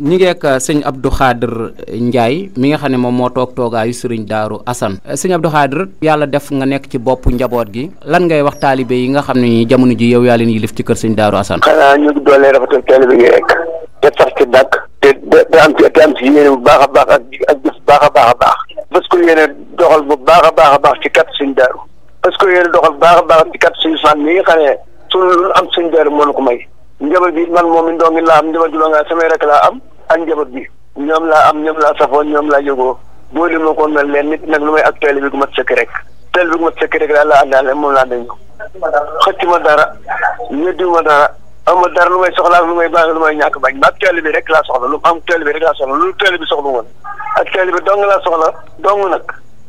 ñi ngi ak uh, sëñ Abdou Khader uh, Ndiaye mi nga xam ne moom moo toog toogaayu sëriñ Daaru Assane uh, sëñ Abdou Khader yàlla def nga nekk ci bopp njaboot gi lan ngay wax taalibe yi nga xam ne ñi jamono ji yow yaa leen yilif ci kër sëñ Daaru Assane xanaa ñu doolee rafetal taalibe yi rek te sax am bu baax a baax ak ak baax a baax a baax parce que yéene doxal bu baax a baax a baax ci kat sëñ Daaru parce que yéene doxal baax a baax ci kat sëñ Fane nga xam ne suñu lu ko may njaboot bi man moom mi ndongi laa am njaboot bi loo nga samay rek laa am ak njaboot bi ñoom laa am ñoom laa safoo ñoom laa yëgoo boole ma ko mel leen nit nag lu may ak teel bi gu mat sëkk rek teel bi gu mat rek daal laa àndaale moom laa dañu xëcc ma dara ñeddi ma dara ama lu may soxla ak lu may baax lu may ñàkk bañ ba ak bi rek laa soxla lu am teel bi rek laa soxla lu teel bi soxlu woon ak teel bi dong laa soxla dong nag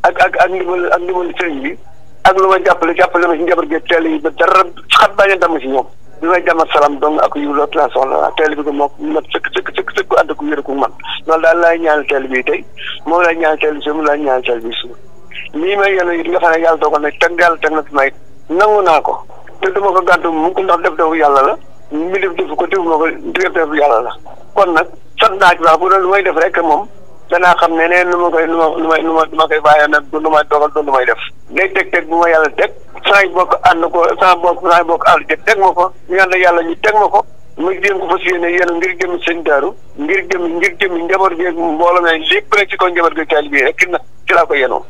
ak ak ak ndimbal ak ndimbal sëriñ bi ak lu may jàppale jàppale ma si njaboot gi teel yi ba dara xat bañ a damm si ñoom bi may jàmm salaam dong ak yiw loolu laa soxla teel bi ko moo mat sëkk sëkk sëkk sëkk ko ànd ak wér ko man loolu daal laay ñaan teel bi tey moom laay ñaan teel bi suuf moom laay ñaan teel bi suuf lii may yéene yi nga xam ne yàlla dogal na teg yàlla teg na fi may nangu naa ko te duma ko gàntu mu ko ndax def defu yàlla la mi def defu ko defu ma ko def defu yàlla la kon nag sant naa ci bu doon lu may def rek moom danaa xam ne neen lu ma koy lu ma lu may lu ma lu ma koy bàyyee nag du lu may dogal du lu may def léegi teg teg bu ma yàlla teg saa bokk ànd ko saa bokk saa bokk ànd jëg teg ma ko ñu ànd yàlla ñu teg ma ko muy jéem ko fas yéene yéen ngir jëm seen daaru ngir jëm ngir jëm njaboot gi mbooloo mi lépp rek ci kaw njaboot gi taalibe yi rek ci na ci laa ko yenoo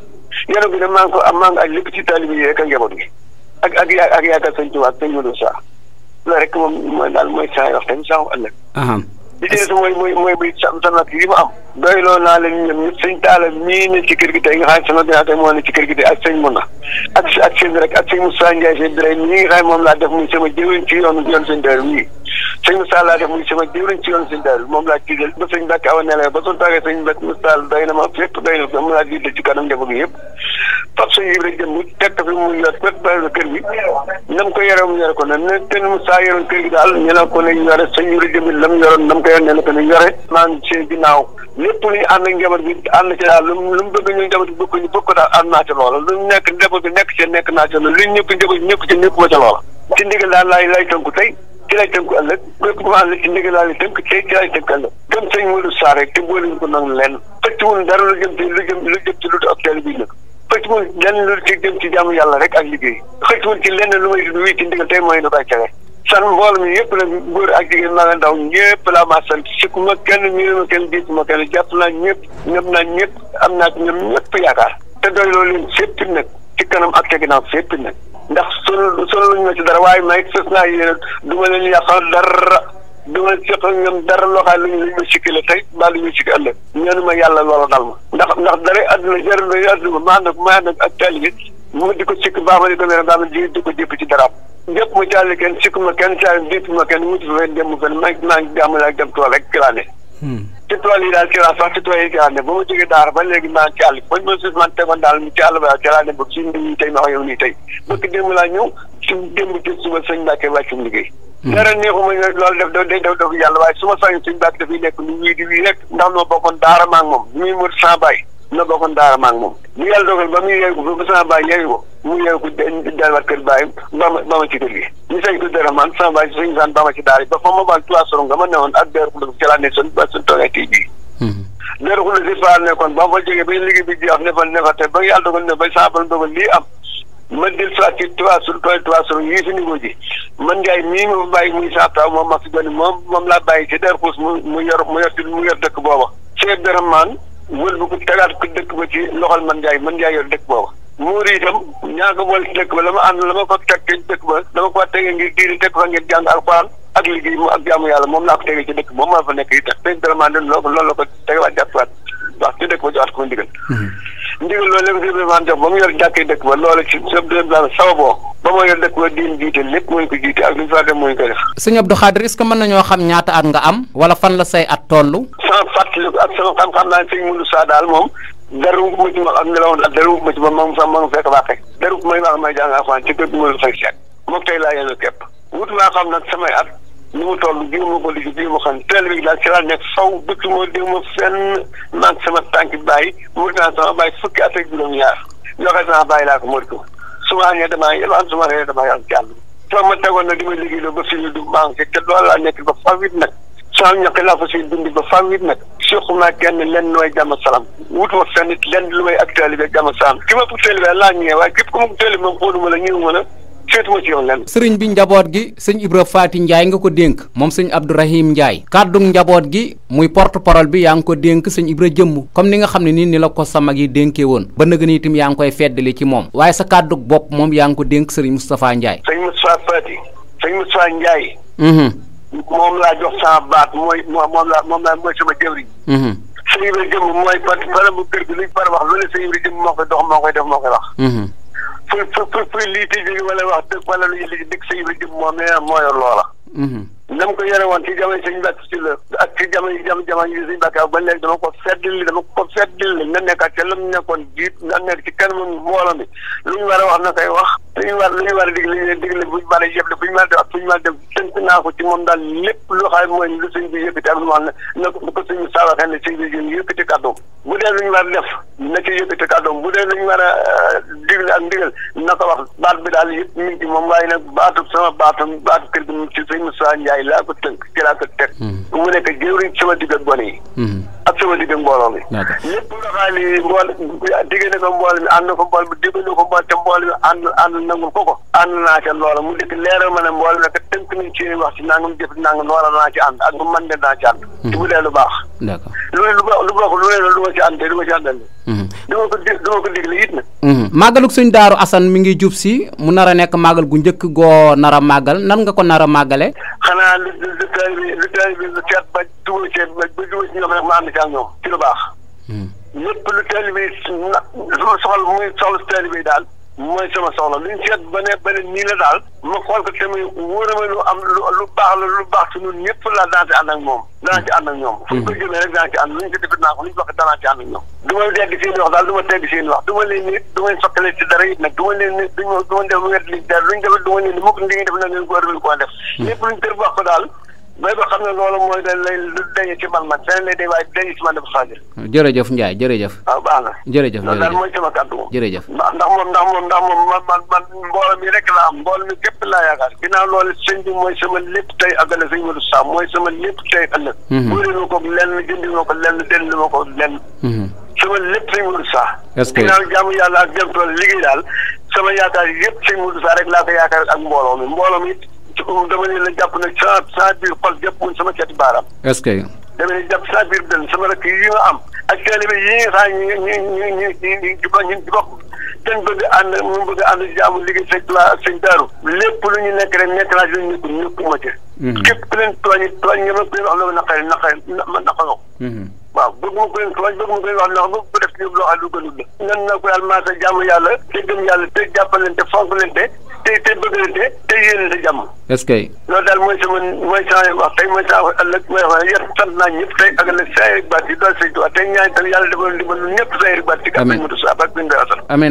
yenoo gi de maa ngi ko am maa ngi ak lépp ci taalibe yi rek ak njaboot gi ak ak yaa ak yaakaar sëñ Tuubaa ak sëñ Modou Sa loolu rek moom mooy daal mooy saa yoo xam ne saa ëllëg bi ci des mooy mooy mooy sama bi mu am. doy loolu naa leen ñoom ñëpp sëñ Talla mii ne ci kër gi tey nga xam ne sama dinaa moo ci kër gi tey ak sëñ Muna ak ak sëñ rek ak sëñ Moussa Ndiaye sëñ Biré mi ngi xam moom laa def muy sama jëwriñ ci yoonu yoon sëñ Daaru mii sëñ Moussa laa def muy sama jëwriñ ci yoon sëñ Daaru moom laa jiital ba sëñ Mbàkke awa ne la ba soo toogee sëñ Mbàkke ma fépp doy na ci kanam njaboot gi yëpp fab sa yib rek jëm teg ko fi mu yor fépp bàyyi kër gi nam ko yore mu yore ko ne ne ten mu saa yoroon kër gi daal ñu ne ko ne yore sa yib rek jëm lam yoroon nam ko yore ne ne ko ne yore maa ngi seen ginnaaw lépp lu ñu ànd ak njaboot bi ànd ci daal lu lu mu bëgg ñu njaboot bi bëgg ñu bëgg ko daal ànd naa ci loola lu nekk njaboot bi nekk ci nekk naa ci loola lu ñëpp njaboot bi ñëpp ci ñëpp ma ca loola ci ndigal daal laay lay tënku tey ci lay tënku ëllëg képp ku ànd ci ndigal daal lay tënku tey ci lay tënku ëllëg gëm sëñ Modou Sarr rek te boole ñu ko nangu lenn fekk ci woon dara lu jëm ci lu jëm lu jëm ci lu ak teel bi nag xëccuwul lenn lu ci dem ci jàmm yàlla rek ak liggéey xëccuwul ci lenn lu may wii ci ndigal tey mooy nu mi yëpp la góor ak ma maa nga ndaw ñëpp laa maa sant sukk ma kenn miinu ma kenn diit ma kenn jàpp naa ñëpp ñëpp naa ñëpp am naa ñoom ñëpp yaakaar te doy loolu leen fépp nag ci kanam ak te ginnaaw fépp ndax sunu sunu luñ ma ci dara waaye may fës naa yéen du ma leen yàqal dara du ma seq ak ñoom dara loo xam ne si ñu sikki la tey mu lu ñu sikki ëllëg ñaanu ma yàlla loola dal ma ndax ndax dara àdduna jarul na ma maa nag maa nag ak taalibe mu di ko sikk baa ma di ko mere baa ma di di ko jépp ci daraam ñëpp ma caali kenn sikku ma kenn caali dépp ma kenn wutu fa dem fenn maa ngi maa ngi jàmm ak dem tool rek laa ne hmm. ci tool yi daal ci laa sax ci tool yi ci laa ne ba ma jógee daara ba léegi maa ngi ci àll bi ma suuf man tegoon daal ci àll ba ci laa ne bëgg si nii tey ma wax yow nii tey bëgg démb laa ñëw su démb ci suba sëñ Mbàkke wàccum liggéey hmm. dara neexuma loolu def da day def daf yàlla waaye su ma sañu sëñ Mbàkke dafay nekk lu wii di wii rek ndax noo bokkoon daara maa ngi moom muy mër sans bàyyi na bokkoon daara maa ngi moom. bu yàlla dogal ba muy yooyu ko ba sama mu yooyu ko delluwaat kër baayam ba ma ba ma ci gi. ñu ko dara man sama baay suñu saan ba ma ci daara ba fa ma baal trois sorong nga ma newoon ak deeru xulóom ci laa ne son hmm. si faal nekkoon ba ma ne fa ne fa te ba yàlla dogal ne ba sama borom dogal lii am. man del soit ci trois sur trois sur yii ji man Ndiaye mii ma bàyyi muy saa taw moom ma fi gën moom moom laa ci der xuus mu mu wër bu ko tagaat ko dëkk ba ci loxol man jaay man jaay yor dëkk booba muur itam ñaa ko bool ci dëkk ba la ma ànd la ma ko teg ci dëkk ba dama ko tege ngir diiri teg fa ngeen jàng alxuraan ak liggéey mu ak jaamu yàlla moom naa ko tege ci dëkk moom maa fa nekk itam. tey vraiment loolu la ko tegewaat jàppaat wax ci dëkk ba joxaat ko ma ndigal mm-hmm. ndigal loolu lépp sëñ Ibrahima jox ba mu yor jàkkee dëkk ba loolu ci sëñ Ibrahima sababoo ba ma yor dëkk ba diin jiite lépp mooy ko jiite ak lu fa dem mooy ko def sëñ Abdou Khadre est-ce que mën nañoo xam ñaata at nga am wala fan la say at toll sama fàttaliku ak sama xam-xam naa sëñ Moudou Sa daal moom daru ma ci ma am ma ci ma moom sax ma fekk baaxee daru may wax may jàng ci kër bi ma la seet moom tey laa yéen a wut maa xam nag samay at ni mu toll jéem ma ko liggéey jéem ma xam teel bi daal ci laa nekk faw dëkk moo dégg ma fenn man sama tànk bàyyi mu daan sama bàyyi fukki at ak juróom-ñaar yoo xam sama bàyyi laa ko mën ko su ma xañee damaa yalwaan su ma xëyee damaa yàlla jàll. soo ma tegoon nag di ma liggéey loo ba fii nii du banque te loolu laa nekk ba fawit nag sama ñaq laa fa siy dund ba fawit nag suuxu naa kenn lenn nooy jàmm salaam wutu ma fenn lenn lu may ak taalibe jàmm salaam ki ma ko taalibe laa ñëwee waaye képp ku ma ko taalibe moom xooluma la ñëwuma la féetuma ci yoon lenn sëriñ bi njaboot gi sëñ Ibra Faati Ndiaye nga ko dénk moom sëñ Abdourahim Ndiaye kàddug njaboot gi muy porte parole bi yaa ngi ko dénk sëñ Ibra jëmm comme ni nga xam ne ni la ko sa mag yi dénkee woon ba nëgën itam yaa ngi koy feddali ci moom waaye sa kàddug bopp moom yaa ngi ko dénk sëriñ Moustapha Ndiaye sëñ Moustapha Faati sëñ Moustapha Ndiaye mm-hmm. moom laa jox sama baat mooy moom laa moom laa mooy sama jëwriñ mm-hmm. sëñ Ibra jëmm mooy parce que bu kër bi luñ par wax loolu sëñ Ibra jëmm moo fu fu fu liiti jóge wala wax dëgg wala lu ñu dëgg sëñ bi jub moom nee na moo yor loola. nam ko yore woon ci jamono Sëñ Mbàkke si la ak ci jamono jam jamono yi Sëñ Mbàkke ba léegi dama ko feddil dama ko feddil na nekkaat ca lu mu nekkoon jiit na nekk ci kanam mbooloo mi lu ñu war a wax na koy wax lu ñu war lu ñu war a digle leen digle bu ñu war a yëpp bu ñu war a def ak bu ñu war a def tënk naa ko ci moom daal lépp lu xam mooy lu sëñ bi yëkkati ak lu ma xam ne na ko sëñ bi saawaxee ne sëñ bi jën yëkkati kàddoom bu dee lu ñu war a def na ci yëkkati kàddoom bu dee lu ñu war a euh, digle ak ndigal na ko wax baat bi daal yëpp mi ngi ci moom waaye nag baatu sama baatu baatu kër gi ci sëñ Moussa Ndiaye yi laa ko tënk ci laa ko teg. Hmm. mu nekk jëwriñ sama digg ak gone yi. Hmm. ak sama digg ak mbooloo mi. ñëpp doxaal yi mbool digg na ko mbool mi ànd na ko mbool mi dimbali na ko mbool te mbool mi ànd ànd nangul ko ko. ànd naa ca loola mu nekk leeral ma ne mbool mi nag tënk nañ ci wax ci nangam jëf nangam loola naa ci ànd ak mu mën de naa ci ànd. ci hmm. bu dee lu baax. d'accord lu lu baax lu baax lu ne lu ma ci ànd te lu ma ci àndal. dama ko dé ko dégle it na. Mhm. màggalug suñ daaru Assane mi ngi jub si mu nar a nekk màggal gu njëkk goo nar a màggal nan nga ko nar a màggale. xanaa li li li taalibe li lu seet ba dugal seet ba ba dugal ñoom rek ma ànd ci ak ñoom ci lu baax. Mhm. lépp lu taalibe na soxal muy soxla si daal. mooy sama soxla luñ seet ba ne ba ne daal ma xool ko tamit wóor na lu am lu baax la lu baax ci ñun ñëpp laa daan ci ànd ak moom mm-hmm. danaa ci ànd ak ñoom fu ñu ko jëmee rek danaa ci ànd lu wax danaa ci ànd wax daal du ma dégg seen wax du ma leen ni du ma sokkale ci dara li dara lu ñu def du ma leen ni mukk li ngeen def na ngeen ko war ko def mm-hmm. lépp luñ wax ko daal béy ba xam ne loolu mooy dañ lay daje ci man man dañ lay day waaye daje ci man dafa faa jël. jërëjëf Ndiaye jërëjëf. waaw ah, baax na. jërëjëf loolu mooy sama kàddu moom. jërëjëf ndax ndax moom ndax moom ndax moom man man man mbooloo mooy sama lépp tey ak ëllëg mooy sama lépp tey ëllëg. wóoree mhm. ma ko lenn jëndi ma ko lenn dënd ma ko lenn. Mhm. sama lépp sëñ Modou Sam. est-ce que ginnaaw jaamu yàlla ak jëm tool liggéey daal sama yaakaar yëpp sëñ Modou Sam rek laa ko yaakaar ak mbooloo mi mbooloo mi ci ko dama leen la jàpp nag saa saa biir pal jàpp mun sama cati baaraam. est-ce que. dama leen jàpp saa biir benn sama rakk yi nga am ak taalibe yi nga xam ñu ñu ñu ñu ñu di bokk di bokk kenn bëgg ànd mu bëgg ànd jaamu liggéey sëñ Tuubaa sëñ Daaru lépp lu ñu nekk rek nekk naa ci lu ñu nekkul nekkuma ci. Mhm. képp ku leen tooñ tooñ nga ma koy wax loolu naqari naqari ma naqaroo. Mhm. waaw bëgg mu koy tooñ bëgg mu koy wax ndax bu def ci loo xam lu gënul la nan na ko yàlla maa sa jàmm yàlla te gëm yàlla te jàppalante fonklante te te bëgglante te yéenante jàmm est-ce que loolu daal mooy sama mooy sama wax tey mooy sama wax ëllëg mooy wax yéen sant naa ñëpp tey ak ëllëg saa yëg baat yi doon say tuwaat tey ñaan tam yàlla defal ndimbal ñun ñëpp saa yëg baat yi kat mu du saa baat bi